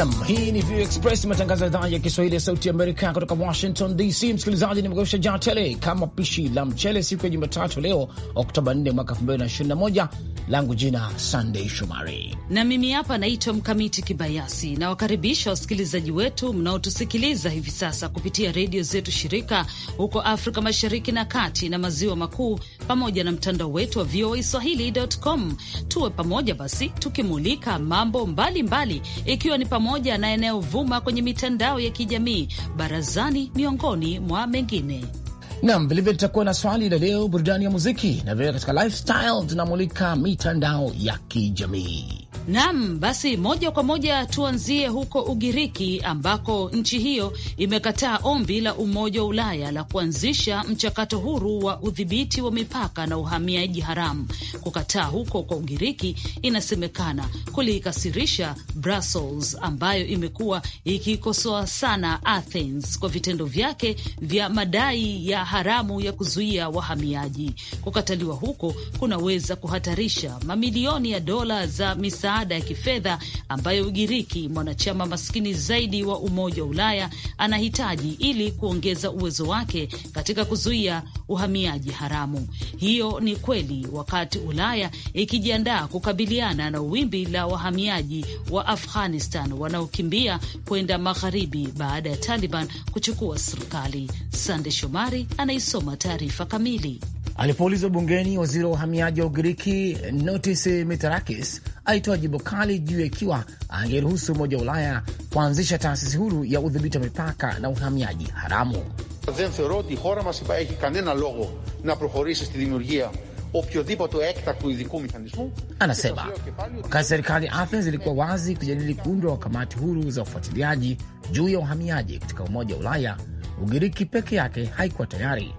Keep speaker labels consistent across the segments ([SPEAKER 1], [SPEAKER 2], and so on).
[SPEAKER 1] Nam, hii ni VOA Express, matangazo ya idhaa ya Kiswahili ya Sauti Amerika kutoka Washington DC. Msikilizaji, nimekusha jaa tele kama pishi la mchele siku ya Jumatatu leo Oktoba 4 mwaka 2021. Langu jina Sandey Shomari
[SPEAKER 2] na mimi hapa naitwa Mkamiti Kibayasi. Nawakaribisha wasikilizaji wetu mnaotusikiliza hivi sasa kupitia redio zetu shirika huko Afrika Mashariki na Kati na Maziwa Makuu, pamoja na mtandao wetu wa VOA Swahili.com. Tuwe pamoja basi tukimulika mambo mbalimbali mbali, ikiwa ni pamoja pamoja na yanayovuma kwenye mitandao ya kijamii, barazani, miongoni mwa mengine.
[SPEAKER 1] Nam vilevile tutakuwa na swali la leo, burudani ya muziki, na vilevile katika lifestyle tunamulika mitandao ya kijamii.
[SPEAKER 2] Nam, basi moja kwa moja tuanzie huko Ugiriki ambako nchi hiyo imekataa ombi la Umoja wa Ulaya la kuanzisha mchakato huru wa udhibiti wa mipaka na uhamiaji haramu. Kukataa huko kwa Ugiriki inasemekana kuliikasirisha Brussels, ambayo imekuwa ikikosoa sana Athens kwa vitendo vyake vya madai ya haramu ya kuzuia wahamiaji. Kukataliwa huko kunaweza kuhatarisha mamilioni ya dola za misaada misaada ya kifedha ambayo Ugiriki, mwanachama maskini zaidi wa Umoja wa Ulaya, anahitaji ili kuongeza uwezo wake katika kuzuia uhamiaji haramu. Hiyo ni kweli, wakati Ulaya ikijiandaa kukabiliana na wimbi la wahamiaji wa Afghanistan wanaokimbia kwenda magharibi baada ya Taliban kuchukua serikali. Sande Shomari anaisoma taarifa kamili.
[SPEAKER 1] Alipoulizwa bungeni, waziri wa uhamiaji wa Ugiriki Notis Mitarakis alitoa jibu kali juu ya ikiwa angeruhusu Umoja wa Ulaya kuanzisha taasisi huru ya udhibiti wa mipaka na uhamiaji haramu. Anasema wakati serikali ya Athens ilikuwa wazi kujadili kuundwa wa kamati huru za ufuatiliaji juu ya uhamiaji katika umoja wa Ulaya, Ugiriki peke yake haikuwa tayari.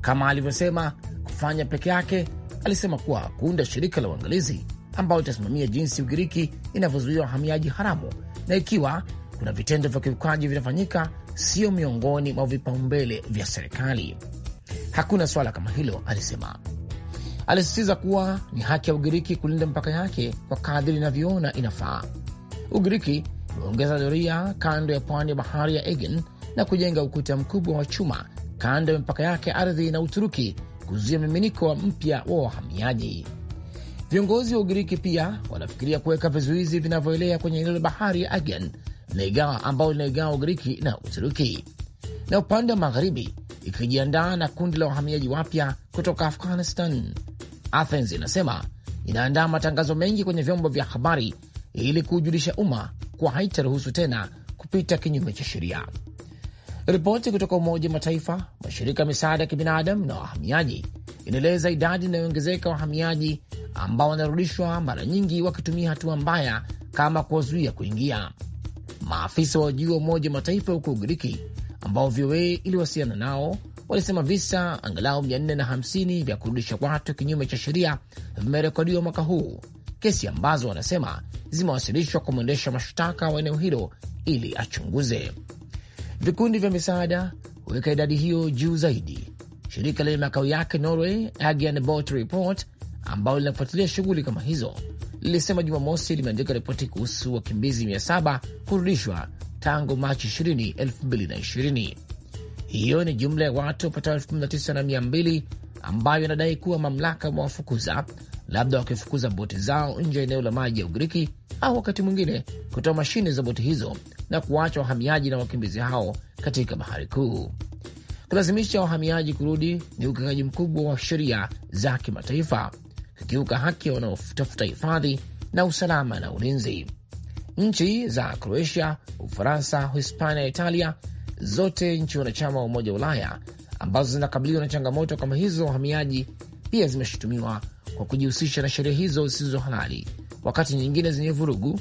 [SPEAKER 1] Kama alivyosema kufanya peke yake. Alisema kuwa kuunda shirika la uangalizi ambayo itasimamia jinsi Ugiriki inavyozuia wahamiaji haramu na ikiwa kuna vitendo vya kiukaji vinafanyika, sio miongoni mwa vipaumbele vya serikali. Hakuna swala kama hilo, alisema. Alisisitiza kuwa ni haki ya Ugiriki kulinda mipaka yake kwa kadiri inavyoona inafaa. Ugiriki imeongeza doria kando ya pwani ya bahari ya egen na kujenga ukuta mkubwa wa chuma kando ya mipaka yake ardhi na Uturuki kuzuia miminiko mpya wa wahamiaji. Viongozi wa Ugiriki pia wanafikiria kuweka vizuizi vinavyoelea kwenye eneo la bahari ya Aegean linaigawa ambao linaigawa Ugiriki na Uturuki, na upande wa magharibi ikijiandaa na kundi la wahamiaji wapya kutoka Afghanistan. Athens inasema inaandaa matangazo mengi kwenye vyombo vya habari ili kuujulisha umma kuwa haitaruhusu tena kupita kinyume cha sheria. Ripoti kutoka Umoja wa Mataifa, mashirika ya misaada ya kibinadamu na wahamiaji inaeleza idadi inayoongezeka wahamiaji ambao wanarudishwa, mara nyingi wakitumia hatua mbaya kama kuwazuia kuingia. Maafisa wa juu wa Umoja wa Mataifa huko Ugiriki ambao VOA iliwasiliana nao walisema visa angalau 450 vya kurudisha watu kinyume cha sheria vimerekodiwa mwaka huu, kesi ambazo wanasema zimewasilishwa kwa mwendesha mashtaka wa eneo hilo ili achunguze. Vikundi vya misaada huweka idadi hiyo juu zaidi. Shirika lenye makao yake Norway, Bot Report, ambalo linafuatilia shughuli kama hizo, lilisema Jumamosi limeandika ripoti kuhusu wakimbizi 700 kurudishwa tangu Machi 20, 2020. Hiyo ni jumla ya watu wapatao 19,200 ambayo inadai kuwa mamlaka wamewafukuza, labda wakifukuza boti zao nje ya eneo la maji ya Ugiriki au wakati mwingine kutoa mashine za boti hizo na kuwacha wahamiaji na wakimbizi hao katika bahari kuu. Kulazimisha wahamiaji kurudi ni ukiukaji mkubwa wa sheria za kimataifa, kukiuka haki ya wanaotafuta hifadhi na usalama na ulinzi. Nchi za Kroatia, Ufaransa, Hispania na Italia, zote nchi wanachama wa Umoja wa Ulaya ambazo zinakabiliwa na changamoto kama hizo wahamiaji, pia zimeshutumiwa kwa kujihusisha na sheria hizo zisizo halali, wakati nyingine zenye vurugu.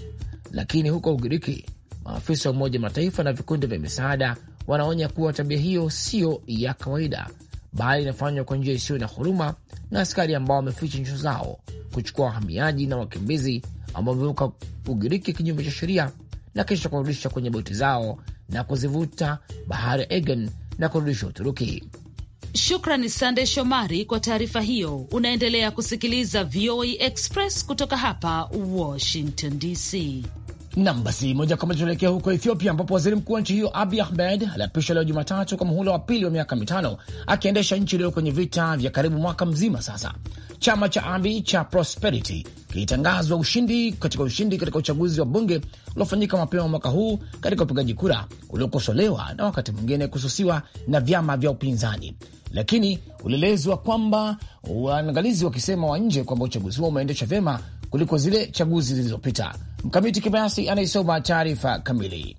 [SPEAKER 1] Lakini huko Ugiriki Maafisa wa Umoja Mataifa na vikundi vya misaada wanaonya kuwa tabia hiyo siyo ya kawaida, bali inafanywa kwa njia isiyo na huruma na askari ambao wameficha nyuso zao, kuchukua wahamiaji na wakimbizi ambao wamevuka Ugiriki kinyume cha sheria na kisha kurudisha kwenye boti zao na kuzivuta bahari egen na kurudisha Uturuki.
[SPEAKER 2] Shukrani Sande Shomari kwa taarifa hiyo. Unaendelea kusikiliza VOA Express kutoka hapa Washington DC. Nam, basi moja kwa moja tunaelekea huko Ethiopia, ambapo waziri mkuu wa
[SPEAKER 1] nchi hiyo Abi Ahmed aliapishwa leo Jumatatu kwa muhula wa pili wa miaka mitano, akiendesha nchi iliyo kwenye vita vya karibu mwaka mzima sasa. Chama cha Abi cha Prosperity kilitangazwa ushindi katika ushindi katika uchaguzi wa bunge uliofanyika mapema mwaka huu katika upigaji kura uliokosolewa na wakati mwingine kususiwa na vyama vya upinzani lakini ulielezwa kwamba waangalizi wakisema wa nje kwamba uchaguzi huo umeendeshwa vyema kuliko zile chaguzi zilizopita. Mkamiti Kibayasi anaisoma taarifa kamili.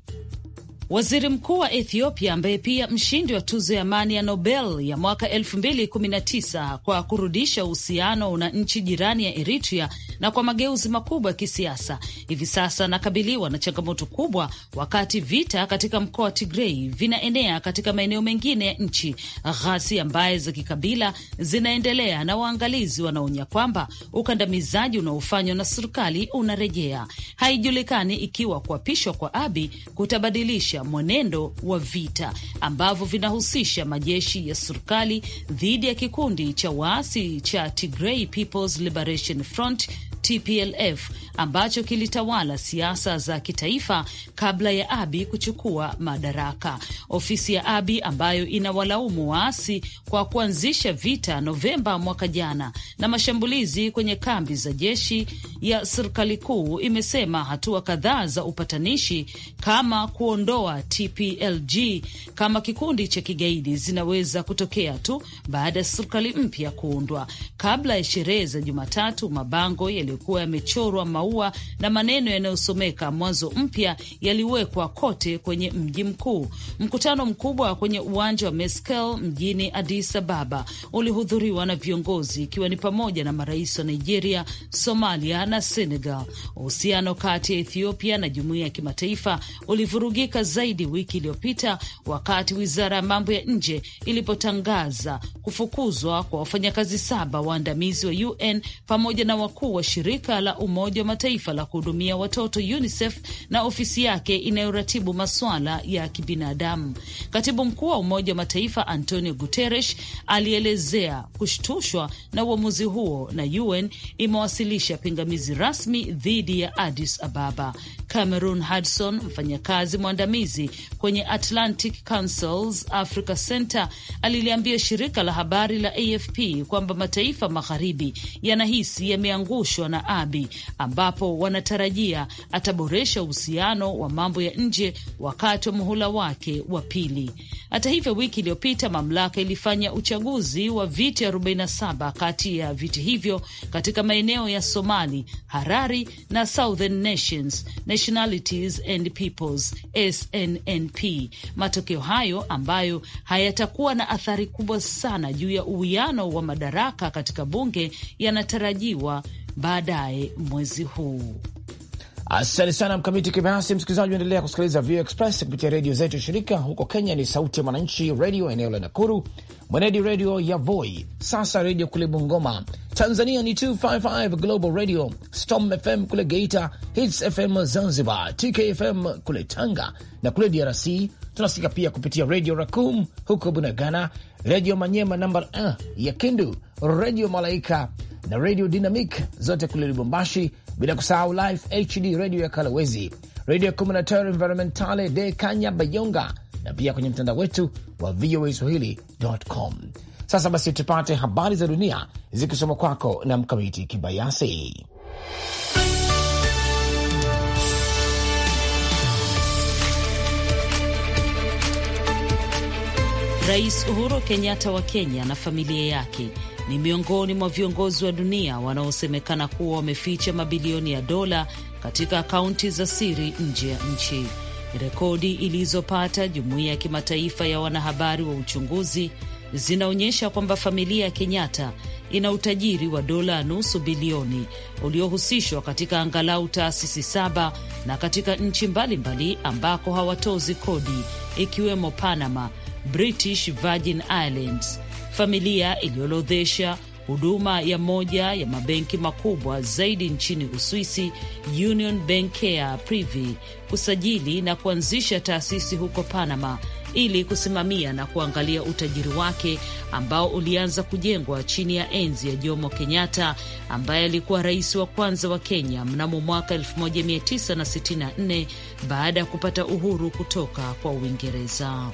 [SPEAKER 2] Waziri mkuu wa Ethiopia ambaye pia mshindi wa tuzo ya amani ya Nobel ya mwaka 2019 kwa kurudisha uhusiano na nchi jirani ya Eritrea na kwa mageuzi makubwa ya kisiasa, hivi sasa anakabiliwa na changamoto kubwa, wakati vita katika mkoa wa Tigrei vinaenea katika maeneo mengine ya nchi, ghasia ambaye za kikabila zinaendelea, na waangalizi wanaonya kwamba ukandamizaji unaofanywa na serikali unarejea. Haijulikani ikiwa kuapishwa kwa Abi kutabadilisha kuonyesha mwenendo wa vita ambavyo vinahusisha majeshi ya serikali dhidi ya kikundi cha waasi cha Tigray People's Liberation Front TPLF ambacho kilitawala siasa za kitaifa kabla ya Abi kuchukua madaraka. Ofisi ya Abi ambayo inawalaumu waasi kwa kuanzisha vita Novemba mwaka jana na mashambulizi kwenye kambi za jeshi ya serikali kuu imesema hatua kadhaa za upatanishi kama kuondoa kuiondoa TPLG kama kikundi cha kigaidi zinaweza kutokea tu baada ya serikali mpya kuundwa. Kabla ya sherehe za Jumatatu, mabango yaliyokuwa yamechorwa maua na maneno yanayosomeka mwanzo mpya yaliwekwa kote kwenye mji mkuu. Mkutano mkubwa kwenye uwanja wa Meskel mjini Addis Ababa ulihudhuriwa na viongozi ikiwa ni pamoja na marais wa Nigeria, Somalia na Senegal. Uhusiano kati ya Ethiopia na jumuiya ya kimataifa ulivurugika zaidi wiki iliyopita wakati wizara ya mambo ya nje ilipotangaza kufukuzwa kwa wafanyakazi saba waandamizi wa UN pamoja na wakuu wa shirika la Umoja wa Mataifa la kuhudumia watoto UNICEF na ofisi yake inayoratibu masuala ya kibinadamu. Katibu mkuu wa Umoja wa Mataifa Antonio Guterres alielezea kushtushwa na uamuzi huo na UN imewasilisha pingamizi rasmi dhidi ya Addis Ababa. Cameron Hudson, mfanyakazi mwandamizi wakimbizi kwenye Atlantic Councils Africa Center aliliambia shirika la habari la AFP kwamba mataifa magharibi yanahisi yameangushwa na Abi, ambapo wanatarajia ataboresha uhusiano wa mambo ya nje wakati wa muhula wake wa pili. Hata hivyo, wiki iliyopita mamlaka ilifanya uchaguzi wa viti 47 kati ya viti hivyo katika maeneo ya Somali, Harari na Southern Nations, Nationalities and Peoples NNP. Matokeo hayo ambayo hayatakuwa na athari kubwa sana juu ya uwiano wa madaraka katika bunge yanatarajiwa baadaye mwezi huu.
[SPEAKER 1] Asante sana Mkamiti Kibayasi. Msikilizaji, unaendelea kusikiliza VOA Express kupitia redio zetu shirika. Huko Kenya ni Sauti ya Mwananchi redio eneo la Nakuru, Mwenedi redio ya Voi, sasa redio kule Bungoma, Tanzania ni 255 Global Radio, Storm FM kule Geita, Hits FM Zanzibar, TKFM kule Tanga, na kule DRC tunasikika pia kupitia Radio Rakum huko Bunagana, Redio Manyema namba 1 eh, ya Kindu, Redio Malaika na Redio Dynamic zote kule Lubumbashi, bila kusahau Live HD redio ya Kalawezi, Redio Communautaire Environmentale de Kanya Bayonga, na pia kwenye mtandao wetu wa VOA Swahili.com. Sasa basi, tupate habari za dunia zikisoma kwako na Mkamiti Kibayasi.
[SPEAKER 2] Rais Uhuru Kenyatta wa Kenya na familia yake ni miongoni mwa viongozi wa dunia wanaosemekana kuwa wameficha mabilioni ya dola katika akaunti za siri nje ya nchi, rekodi ilizopata jumuiya ya kimataifa ya wanahabari wa uchunguzi zinaonyesha kwamba familia ya Kenyatta ina utajiri wa dola nusu bilioni uliohusishwa katika angalau taasisi saba na katika nchi mbalimbali ambako hawatozi kodi ikiwemo Panama, British Virgin Islands. Familia iliyoorodhesha huduma ya moja ya mabenki makubwa zaidi nchini Uswisi, Union Bancaire Privée, kusajili na kuanzisha taasisi huko Panama ili kusimamia na kuangalia utajiri wake ambao ulianza kujengwa chini ya enzi ya Jomo Kenyatta ambaye alikuwa rais wa kwanza wa Kenya mnamo mwaka 1964 baada ya kupata uhuru kutoka kwa Uingereza.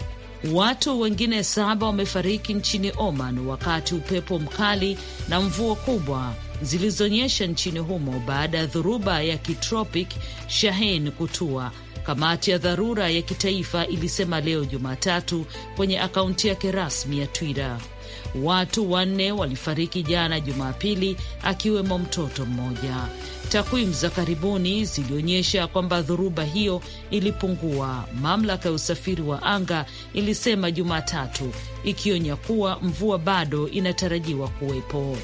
[SPEAKER 2] Watu wengine saba wamefariki nchini Oman wakati upepo mkali na mvua kubwa zilizonyesha nchini humo baada ya dhoruba ya kitropic Shaheen kutua Kamati ya dharura ya kitaifa ilisema leo Jumatatu kwenye akaunti yake rasmi ya Twitter. Watu wanne walifariki jana Jumapili, akiwemo mtoto mmoja. Takwimu za karibuni zilionyesha kwamba dhoruba hiyo ilipungua, mamlaka ya usafiri wa anga ilisema Jumatatu, ikionya kuwa mvua bado inatarajiwa kuwepo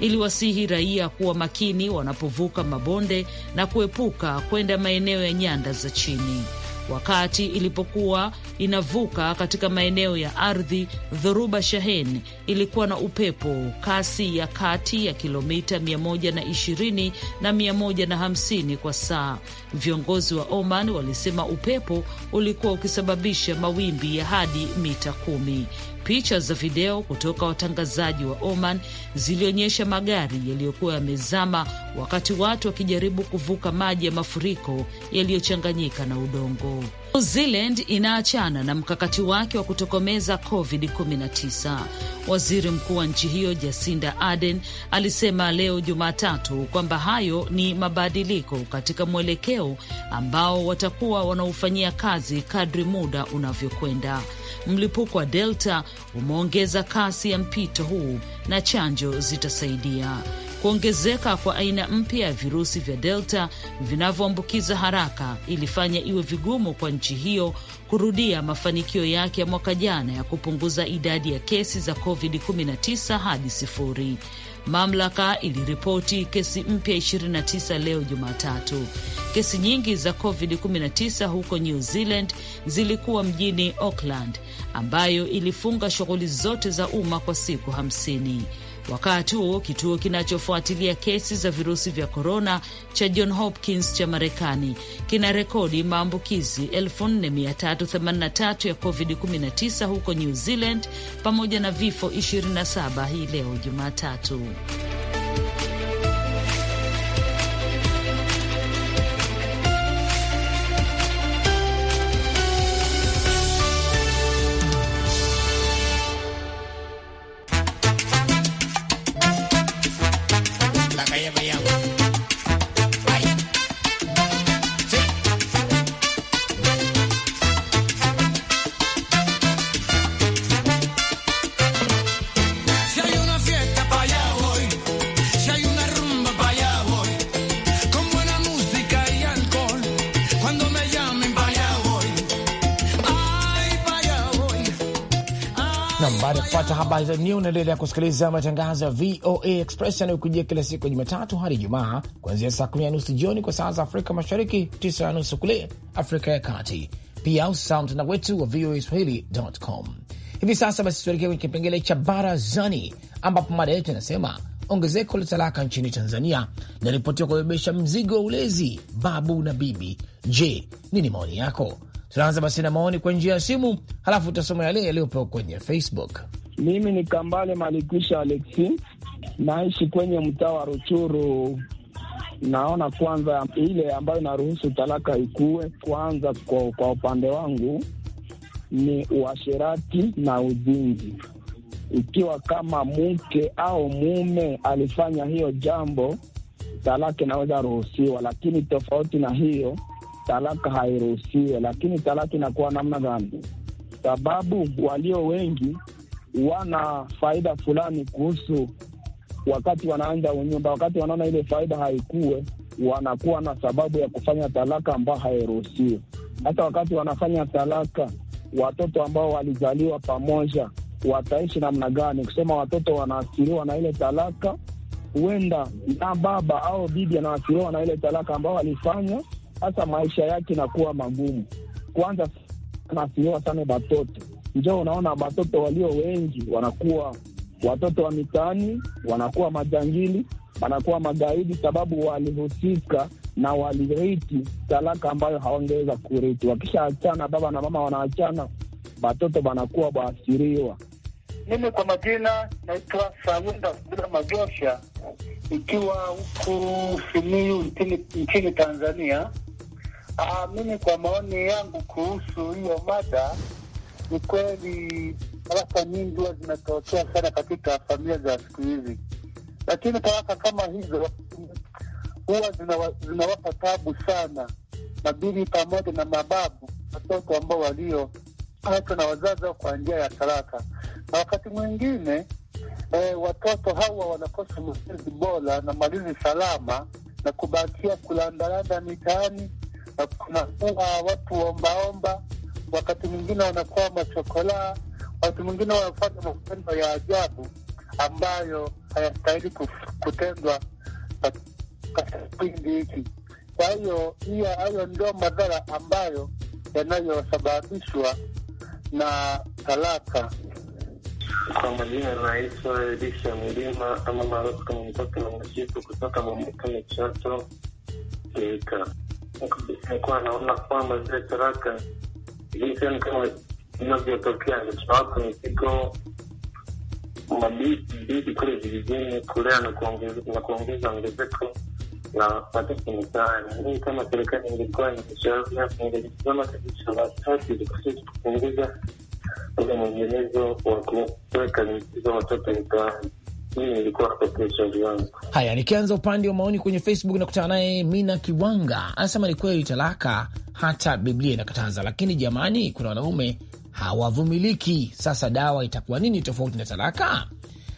[SPEAKER 2] iliwasihi raia kuwa makini wanapovuka mabonde na kuepuka kwenda maeneo ya nyanda za chini wakati ilipokuwa inavuka katika maeneo ya ardhi, dhoruba Shahen ilikuwa na upepo kasi ya kati ya kilomita 120 na 150 kwa saa. Viongozi wa Oman walisema upepo ulikuwa ukisababisha mawimbi ya hadi mita kumi. Picha za video kutoka watangazaji wa Oman zilionyesha magari yaliyokuwa yamezama wakati watu wakijaribu kuvuka maji ya mafuriko yaliyochanganyika na udongo. New Zealand inaachana na mkakati wake wa kutokomeza COVID-19. Waziri mkuu wa nchi hiyo Jacinda Ardern alisema leo Jumatatu kwamba hayo ni mabadiliko katika mwelekeo ambao watakuwa wanaofanyia kazi kadri muda unavyokwenda. Mlipuko wa Delta umeongeza kasi ya mpito huu na chanjo zitasaidia. Kuongezeka kwa aina mpya ya virusi vya Delta vinavyoambukiza haraka ilifanya iwe vigumu kwa nchi hiyo kurudia mafanikio yake ya mwaka jana ya kupunguza idadi ya kesi za COVID-19 hadi sifuri. Mamlaka iliripoti kesi mpya 29 leo Jumatatu. Kesi nyingi za COVID-19 huko New Zealand zilikuwa mjini Auckland, ambayo ilifunga shughuli zote za umma kwa siku hamsini. Wakati huo kituo kinachofuatilia kesi za virusi vya korona cha John Hopkins cha Marekani kina rekodi maambukizi 4383 ya COVID-19 huko New Zealand pamoja na vifo 27 hii leo Jumatatu.
[SPEAKER 1] Baada ya kupata habari za dunia, unaendelea kusikiliza matangazo ya VOA Express yanayokujia kila siku ya Jumatatu hadi Ijumaa, kuanzia saa kumi na nusu jioni kwa saa za Afrika Mashariki, tisa na nusu kule Afrika ya Kati. Pia usaa mtandao wetu wa VOA Swahili.com hivi sasa. Basi tuelekee kwenye kipengele cha barazani, ambapo mada yetu inasema ongezeko la talaka nchini Tanzania linaripotiwa kubebesha mzigo wa ulezi babu na bibi. Je, nini maoni yako? Tunaanza basi na maoni kwa njia ya simu, halafu utasoma yale yaliyopewa kwenye Facebook.
[SPEAKER 3] Mimi ni Kambale Malikisha Alexi, naishi kwenye mtaa wa Ruchuru. Naona kwanza ile ambayo inaruhusu talaka ikuwe kwanza, kwa, kwa upande wangu ni uasherati na uzinzi. Ikiwa kama mke au mume alifanya hiyo jambo, talaka inaweza ruhusiwa, lakini tofauti na hiyo talaka hairuhusiwe, lakini talaka inakuwa namna gani? Sababu walio wengi wana faida fulani kuhusu wakati wanaanja unyumba, wakati wanaona ile faida haikuwe, wanakuwa na sababu ya kufanya talaka ambayo hairuhusiwe. Hata wakati wanafanya talaka, watoto ambao walizaliwa pamoja wataishi namna gani? Kusema watoto wanaathiriwa na ile talaka, huenda na baba au bibi anaathiriwa na ile talaka ambao walifanya sasa maisha yake inakuwa magumu. Kwanza nasiiwa sana batoto, njo unaona batoto walio wengi wanakuwa watoto wa mitaani, wanakuwa majangili, wanakuwa magaidi, sababu walihusika na waliriti talaka ambayo hawangeweza kuriti. Wakishaachana, baba na mama wanaachana, batoto wanakuwa waasiriwa.
[SPEAKER 4] Mimi kwa majina naitwa Sawunda Bila Magosha, ikiwa huku Simiyu nchini Tanzania. Aa, ah, mimi kwa maoni yangu kuhusu hiyo mada ni kweli, talaka nyingi huwa zinatokea sana katika familia za siku hizi, lakini talaka kama hizo huwa zinawa, zinawapa tabu sana mabibi pamoja na mababu watoto ambao walioachwa na wazazi wao kwa njia ya talaka, na wakati mwingine e, watoto hawa wanakosa malezi bora na malezi salama na kubakia kulandalanda mitaani wanafunga watu ombaomba, wakati mwingine wanakuwa machokola, wakati mwingine wanafanya matendo ya ajabu ambayo hayastahili kutendwa katika kipindi hiki. Kwa hiyo hiyo, hayo ndio madhara ambayo yanayosababishwa na talaka. Kwa majina naitwa Elisha Mlima ama maarufu kama Mtoto na Mjitu kutoka Mamukani Chato Geita nilikuwa naona kwamba zile taraka jinsi kama inavyotokea sababu nipiko mabidi kule vijijini kulea na kuongeza ongezeko la watoto mitaani. Hii kama serikali ingekuwa ingejitizama kabisa watatu ilikuwa kupunguza ule mwendelezo wa kuweka mizizo watoto mitaani.
[SPEAKER 1] Haya, nikianza upande wa maoni kwenye Facebook, nakutana naye Mina Kiwanga anasema ni kweli talaka hata Biblia inakataza, lakini jamani, kuna wanaume hawavumiliki. Sasa dawa itakuwa nini tofauti na talaka?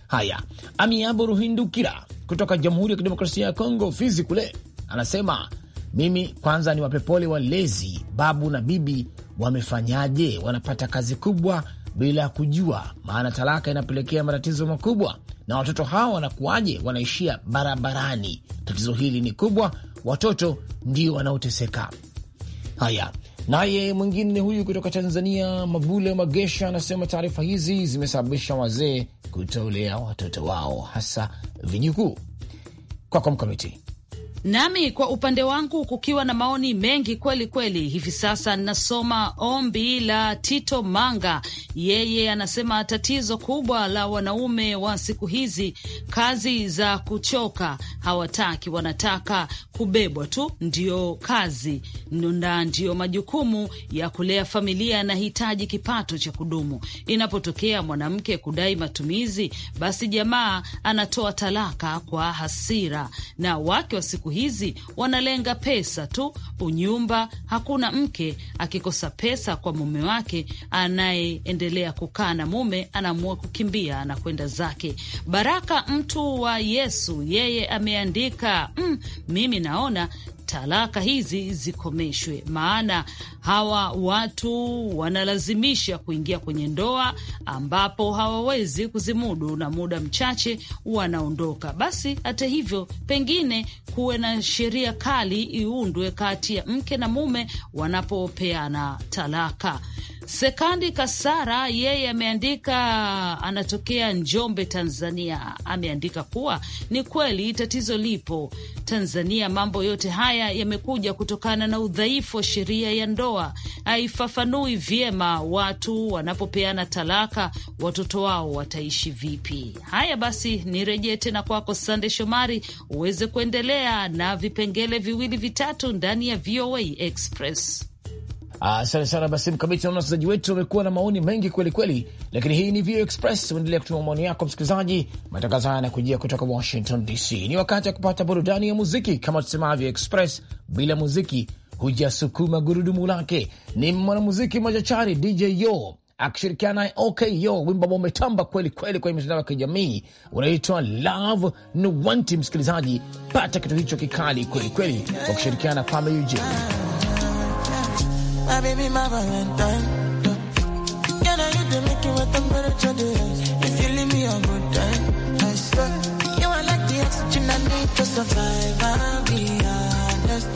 [SPEAKER 1] Haya, Amiabo Ruhindukira kutoka Jamhuri ya Kidemokrasia ya Kongo, Fizi kule, anasema mimi kwanza ni wapepole walezi, babu na bibi wamefanyaje? Wanapata kazi kubwa bila kujua, maana talaka inapelekea matatizo makubwa na watoto hawa wanakuwaje? Wanaishia barabarani. Tatizo hili ni kubwa, watoto ndio wanaoteseka. Haya, naye mwingine huyu kutoka Tanzania, Mabule Magesha, anasema taarifa hizi zimesababisha wazee kutolea watoto wao hasa vijukuu. Kwako Mkamiti.
[SPEAKER 2] Nami kwa upande wangu kukiwa na maoni mengi kweli kweli. Hivi sasa nasoma ombi la Tito Manga, yeye anasema tatizo kubwa la wanaume wa siku hizi kazi za kuchoka hawataki, wanataka kubebwa tu, ndio kazi na ndio majukumu ya kulea familia yanahitaji kipato cha kudumu. Inapotokea mwanamke kudai matumizi, basi jamaa anatoa talaka kwa hasira na wake wa siku hizi wanalenga pesa tu, unyumba. Hakuna mke akikosa pesa kwa mume wake anayeendelea kukaa na mume, anaamua kukimbia, na kwenda zake. Baraka mtu wa Yesu yeye ameandika mm, mimi naona talaka hizi zikomeshwe, maana hawa watu wanalazimisha kuingia kwenye ndoa ambapo hawawezi kuzimudu na muda mchache wanaondoka. Basi hata hivyo, pengine kuwe na sheria kali iundwe kati ya mke na mume wanapopeana talaka. Sekandi Kasara yeye ameandika, anatokea Njombe, Tanzania. Ameandika kuwa ni kweli tatizo lipo Tanzania. Mambo yote haya yamekuja kutokana na udhaifu wa sheria ya ndoa, haifafanui vyema watu wanapopeana talaka, watoto wao wataishi vipi? Haya basi, nirejee tena kwako Sande Shomari uweze kuendelea na vipengele viwili vitatu ndani ya VOA Express.
[SPEAKER 1] Asante ah, sana. Basi Mkamiti, naona wasikilizaji wetu wamekuwa na maoni mengi kweli kweli, lakini hii ni VOA Express. Unaendelea kutuma maoni yako msikilizaji. Matangazo haya yanakujia kutoka Washington DC. Ni wakati wa kupata burudani ya muziki. Kama tusemavyo Express, bila muziki hujasukuma gurudumu lake. Ni mwanamuziki machachari DJ Yo akishirikiana naye OK Yo, wimbo ambao umetamba kweli kweli kwenye mitandao ya kijamii unaitwa Love Nuwanti. Msikilizaji, pata kitu hicho kikali kweli kweli, wakishirikiana na Kwame Eugene. My baby, my valentine. Can I you to make you a temperature rise? If you leave me a good time, I swear. You are like the oxygen I need to survive. I'll be honest.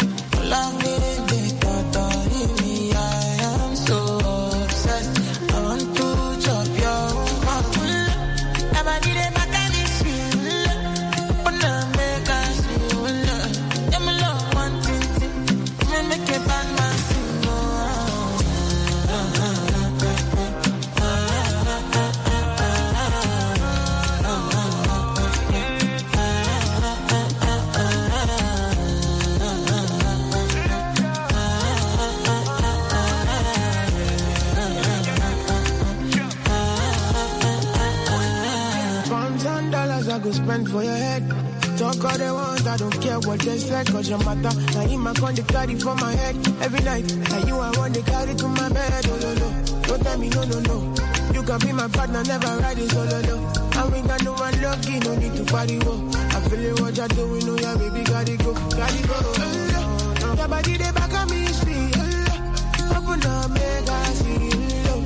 [SPEAKER 1] Love me. body for my head every night. Now you I want to carry to my bed. Oh, no, no. Don't tell me no, no, no. You can be my partner, never riding solo, oh, no. I I got no one lucky, no need to party, whoa. Oh. I feel it, what you're doing, Know oh, yeah, baby, gotta go, gotta go. Oh, no. Your body, they back on me, speed. Oh, open up, make I see, oh,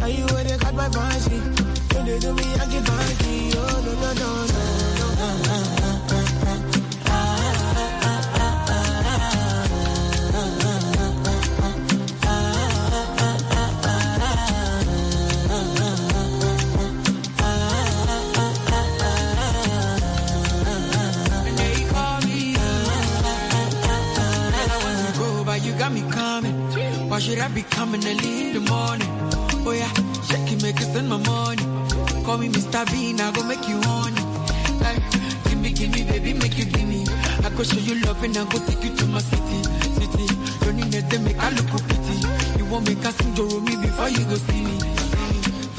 [SPEAKER 1] Now you where they cut my fancy. When they do me, I get funky, oh, no, no, no, no, no, no. no. Why should I be coming early in the morning? Oh yeah, shake it, make it spend my money. Call me Mr. Bean, I go make you honey.
[SPEAKER 4] Like, give me, give me, baby, make you give me. I go show you love and I go take you to my city, city. Don't need nothing, make I look pretty. You won't make us sing to me before you go see me.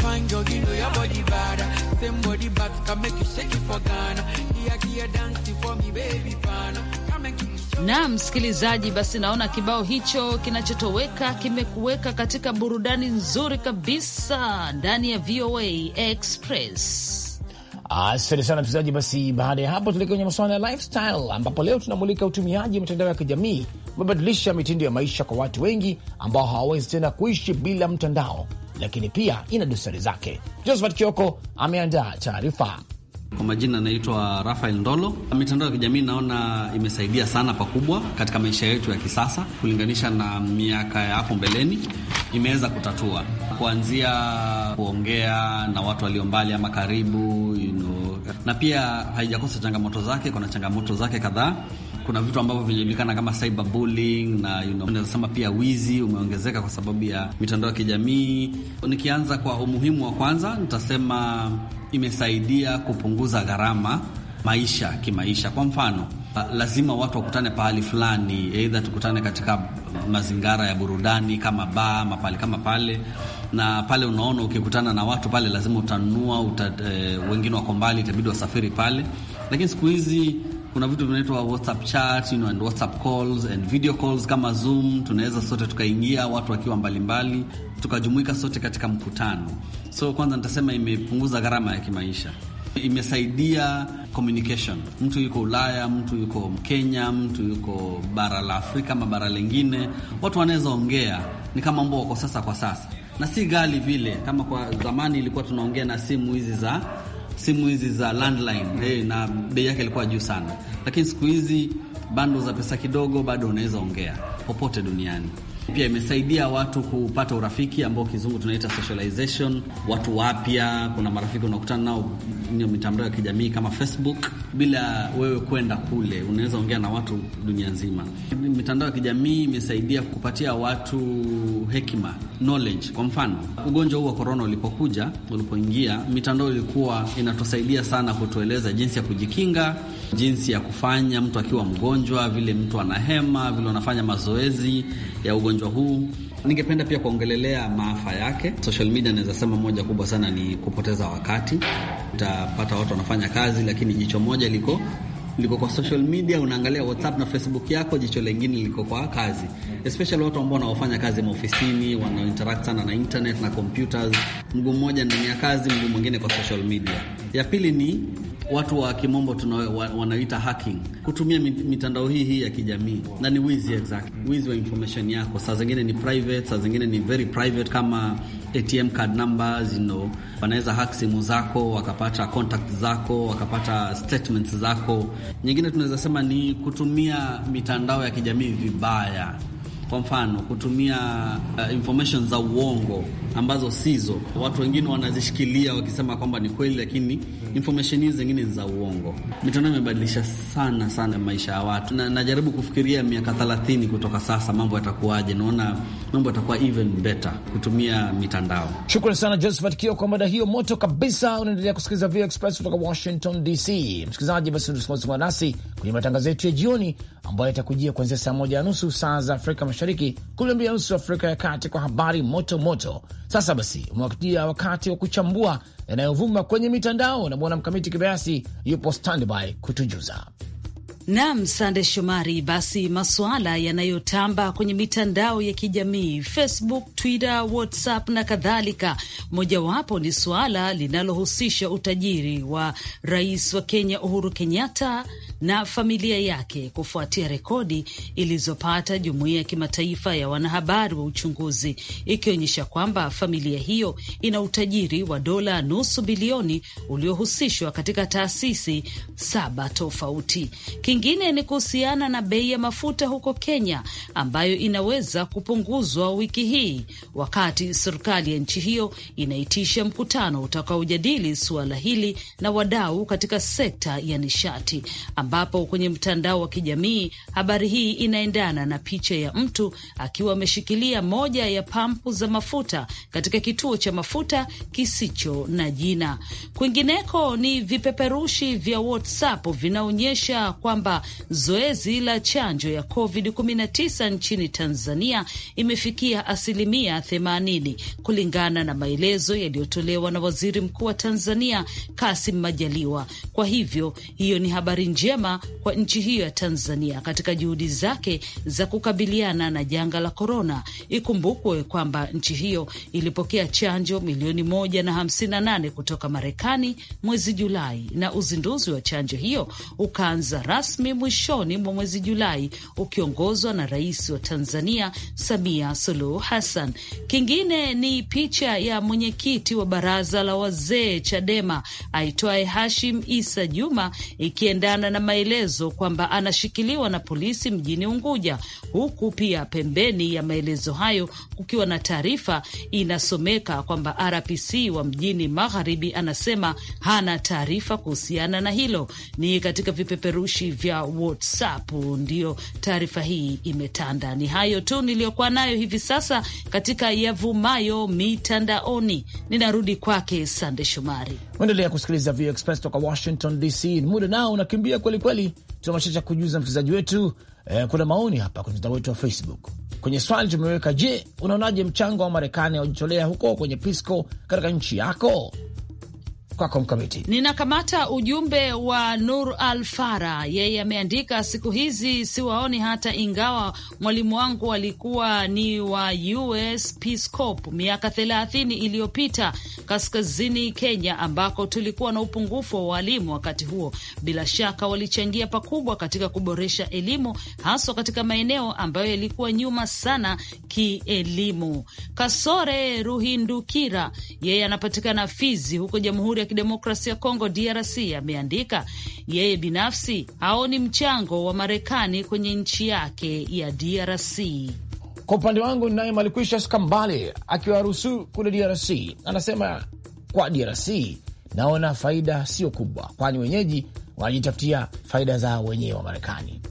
[SPEAKER 1] Fine girl, you know your body bad. Same body bad, can make you shake it for Ghana. Here, here, dancing for me, baby, pana.
[SPEAKER 2] na msikilizaji, basi naona kibao hicho kinachotoweka kimekuweka katika burudani nzuri kabisa ndani ya VOA Express.
[SPEAKER 1] Asante sana msikilizaji. Basi baada ya hapo, tulekea kwenye masuala ya lifestyle, ambapo leo tunamulika utumiaji mitandao ya kijamii umebadilisha mitindo ya maisha kwa watu wengi ambao hawawezi tena kuishi bila mtandao, lakini pia ina dosari zake. Josephat Kioko ameandaa taarifa.
[SPEAKER 5] Kwa majina naitwa Rafael Ndolo. Mitandao ya kijamii naona imesaidia sana pakubwa katika maisha yetu ya kisasa kulinganisha na miaka ya hapo mbeleni. Imeweza kutatua kuanzia kuongea na watu walio mbali ama karibu, you know. Na pia haijakosa changamoto zake, kuna changamoto zake kadhaa kuna vitu ambavyo vinajulikana kama cyberbullying na you know, unasema pia wizi umeongezeka kwa sababu ya mitandao ya kijamii. Nikianza kwa umuhimu wa kwanza, nitasema imesaidia kupunguza gharama maisha kimaisha. Kwa mfano, lazima watu wakutane pahali fulani, aidha tukutane katika mazingara ya burudani kama baa, mapale kama pale na pale. Unaona, ukikutana na watu pale lazima utanunua uta, e, wengine wako mbali, itabidi wasafiri pale. Lakini siku hizi kuna vitu vinaitwa WhatsApp chat you know, and WhatsApp calls and video calls kama Zoom. Tunaweza sote tukaingia watu wakiwa mbalimbali tukajumuika sote katika mkutano. So kwanza nitasema imepunguza gharama ya kimaisha, imesaidia communication. Mtu yuko Ulaya, mtu yuko Kenya, mtu yuko bara la Afrika ama bara lingine, watu wanaweza ongea, ni kama mbo wako sasa kwa sasa, na si ghali vile kama kwa zamani ilikuwa tunaongea na simu hizi za simu hizi za landline mm. hey, eh, na bei yake ilikuwa juu sana, lakini siku hizi bando za pesa kidogo bado unaweza ongea popote duniani. Pia imesaidia watu kupata urafiki ambao kizungu tunaita socialization, watu wapya. Kuna marafiki unakutana nao mitandao ya kijamii kama Facebook, bila wewe kwenda kule, unaweza ongea na watu dunia nzima. Mitandao ya kijamii imesaidia kupatia watu hekima, knowledge. Kwa mfano, ugonjwa huu wa korona ulipokuja, ulipoingia, mitandao ilikuwa inatusaidia sana kutueleza jinsi ya kujikinga, jinsi ya kufanya mtu akiwa mgonjwa, vile mtu anahema, vile unafanya mazoezi ya ugonjwa huu. Ningependa pia kuongelelea maafa yake. Social media naweza sema moja kubwa sana ni kupoteza wakati. Utapata watu wanafanya kazi, lakini jicho moja liko liko kwa social media, unaangalia WhatsApp na Facebook yako, jicho lengine liko kwa kazi, especially watu ambao wanaofanya kazi maofisini, wanaointeract sana na internet na computers. Mguu mmoja ndani ya kazi, mguu mwingine kwa social media. Ya pili ni watu wa kimombo wanaita hacking, kutumia mitandao hii hii ya kijamii, na ni wizi exactly, wizi wa information yako. Saa zingine ni private, saa zingine ni very private, kama ATM card numbers, you know, wanaweza hack simu zako wakapata contact zako wakapata statements zako. Nyingine tunaweza sema ni kutumia mitandao ya kijamii vibaya. Kwa mfano kutumia uh, information za uongo ambazo sizo, watu wengine wanazishikilia wakisema kwamba ni kweli, lakini information hizi zingine ni za uongo. Mitandao imebadilisha sana sana maisha ya watu, na najaribu kufikiria miaka thelathini kutoka sasa mambo yatakuwaje. Naona mambo yatakuwa even better kutumia mitandao.
[SPEAKER 1] Shukran sana Josephat Kio kwa mada hiyo moto kabisa. Unaendelea kusikiliza VOA Express kutoka Washington DC. Msikilizaji, basi usikose nasi kwenye matangazo yetu ya jioni ambayo yatakujia kuanzia saa moja na nusu saa za Afrika Mashariki Mashariki kule mbia nusu Afrika ya Kati kwa habari moto moto. Sasa basi, umewakitia wakati wa kuchambua yanayovuma kwenye mitandao, na Bwana Mkamiti Kibayasi yupo standby kutujuza.
[SPEAKER 2] Nam, sande Shomari. Basi, masuala yanayotamba kwenye mitandao ya kijamii Facebook, Twitter, WhatsApp na kadhalika, mojawapo ni suala linalohusisha utajiri wa rais wa Kenya Uhuru Kenyatta na familia yake kufuatia rekodi ilizopata jumuiya ya kimataifa ya wanahabari wa uchunguzi ikionyesha kwamba familia hiyo ina utajiri wa dola nusu bilioni uliohusishwa katika taasisi saba tofauti. Kingine ni kuhusiana na bei ya mafuta huko Kenya ambayo inaweza kupunguzwa wiki hii, wakati serikali ya nchi hiyo inaitisha mkutano utakaojadili suala hili na wadau katika sekta ya nishati ambapo kwenye mtandao wa kijamii habari hii inaendana na picha ya mtu akiwa ameshikilia moja ya pampu za mafuta katika kituo cha mafuta kisicho na jina. Kwingineko ni vipeperushi vya WhatsApp vinaonyesha kwamba zoezi la chanjo ya COVID-19 nchini Tanzania imefikia asilimia 80 kulingana na maelezo yaliyotolewa na Waziri Mkuu wa Tanzania Kassim Majaliwa. Kwa hivyo hiyo ni habari njema njema kwa nchi hiyo ya Tanzania katika juhudi zake za kukabiliana na janga la korona. Ikumbukwe kwamba nchi hiyo ilipokea chanjo milioni moja na hamsini na nane kutoka Marekani mwezi Julai, na uzinduzi wa chanjo hiyo ukaanza rasmi mwishoni mwa mwezi Julai ukiongozwa na Rais wa Tanzania Samia Suluhu Hassan. Kingine ni picha ya mwenyekiti wa baraza la wazee CHADEMA aitwaye Hashim Isa Juma ikiendana na maelezo kwamba anashikiliwa na polisi mjini Unguja, huku pia pembeni ya maelezo hayo kukiwa na taarifa inasomeka kwamba RPC wa mjini Magharibi anasema hana taarifa kuhusiana na hilo. Ni katika vipeperushi vya WhatsApp ndiyo taarifa hii imetanda. Ni hayo tu niliyokuwa nayo hivi sasa katika yavumayo mitandaoni. Ninarudi kwake Sande Shomari.
[SPEAKER 1] Uendelea kusikiliza VOA Express toka Washington DC. Muda nao unakimbia kwelikweli. Tuna machache kujuza msikilizaji wetu eh. Kuna maoni hapa kwenye mtandao wetu wa Facebook kwenye swali tumeweka, je, unaonaje mchango wa Marekani wajitolea huko kwenye Pisco katika nchi yako? kwako Mkamiti.
[SPEAKER 2] Ninakamata ujumbe wa Nur Al Fara, yeye ameandika, siku hizi siwaoni hata, ingawa mwalimu wangu alikuwa ni wa US Peace Corps miaka thelathini iliyopita kaskazini Kenya, ambako tulikuwa na upungufu wa walimu wakati huo. Bila shaka walichangia pakubwa katika kuboresha elimu, haswa katika maeneo ambayo yalikuwa nyuma sana kielimu. Kasore Ruhindukira, yeye anapatikana Fizi huko Jamhuri ya kidemokrasia ya Kongo DRC ameandika yeye binafsi haoni mchango wa Marekani kwenye nchi yake ya DRC.
[SPEAKER 1] Kwa upande wangu, naye Malikwisha Skambale akiwa Rusu kule DRC anasema kwa DRC naona faida sio kubwa, kwani wenyeji wanajitafutia faida za wenyewe wa Marekani.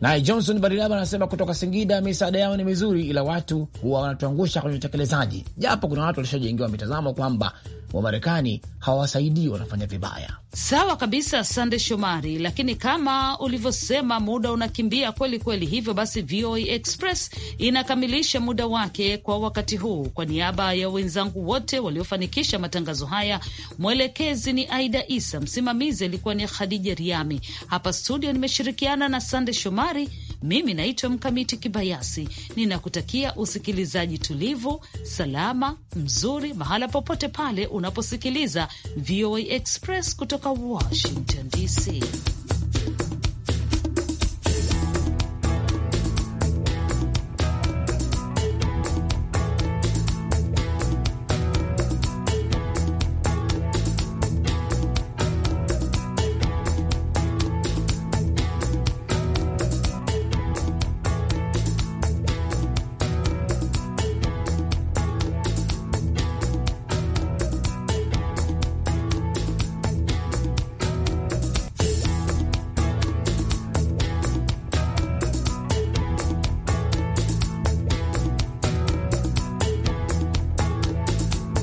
[SPEAKER 1] Naye Johnson Barilaba anasema kutoka Singida, misaada yao ni mizuri, ila watu huwa wanatuangusha kwenye utekelezaji, japo kuna watu walishajengiwa mitazamo kwamba Wamarekani hawasaidii wanafanya vibaya.
[SPEAKER 2] Sawa kabisa, Sande Shomari, lakini kama ulivyosema muda unakimbia kweli kweli. Hivyo basi, VOA Express inakamilisha muda wake kwa wakati huu. Kwa niaba ya wenzangu wote waliofanikisha matangazo haya, mwelekezi ni Aida Isa, msimamizi alikuwa ni Khadija Riami, hapa studio nimeshirikiana na Sande Shomari. Mimi naitwa Mkamiti Kibayasi, ninakutakia usikilizaji tulivu, salama, mzuri mahala popote pale unaposikiliza VOA Express kutoka Washington DC.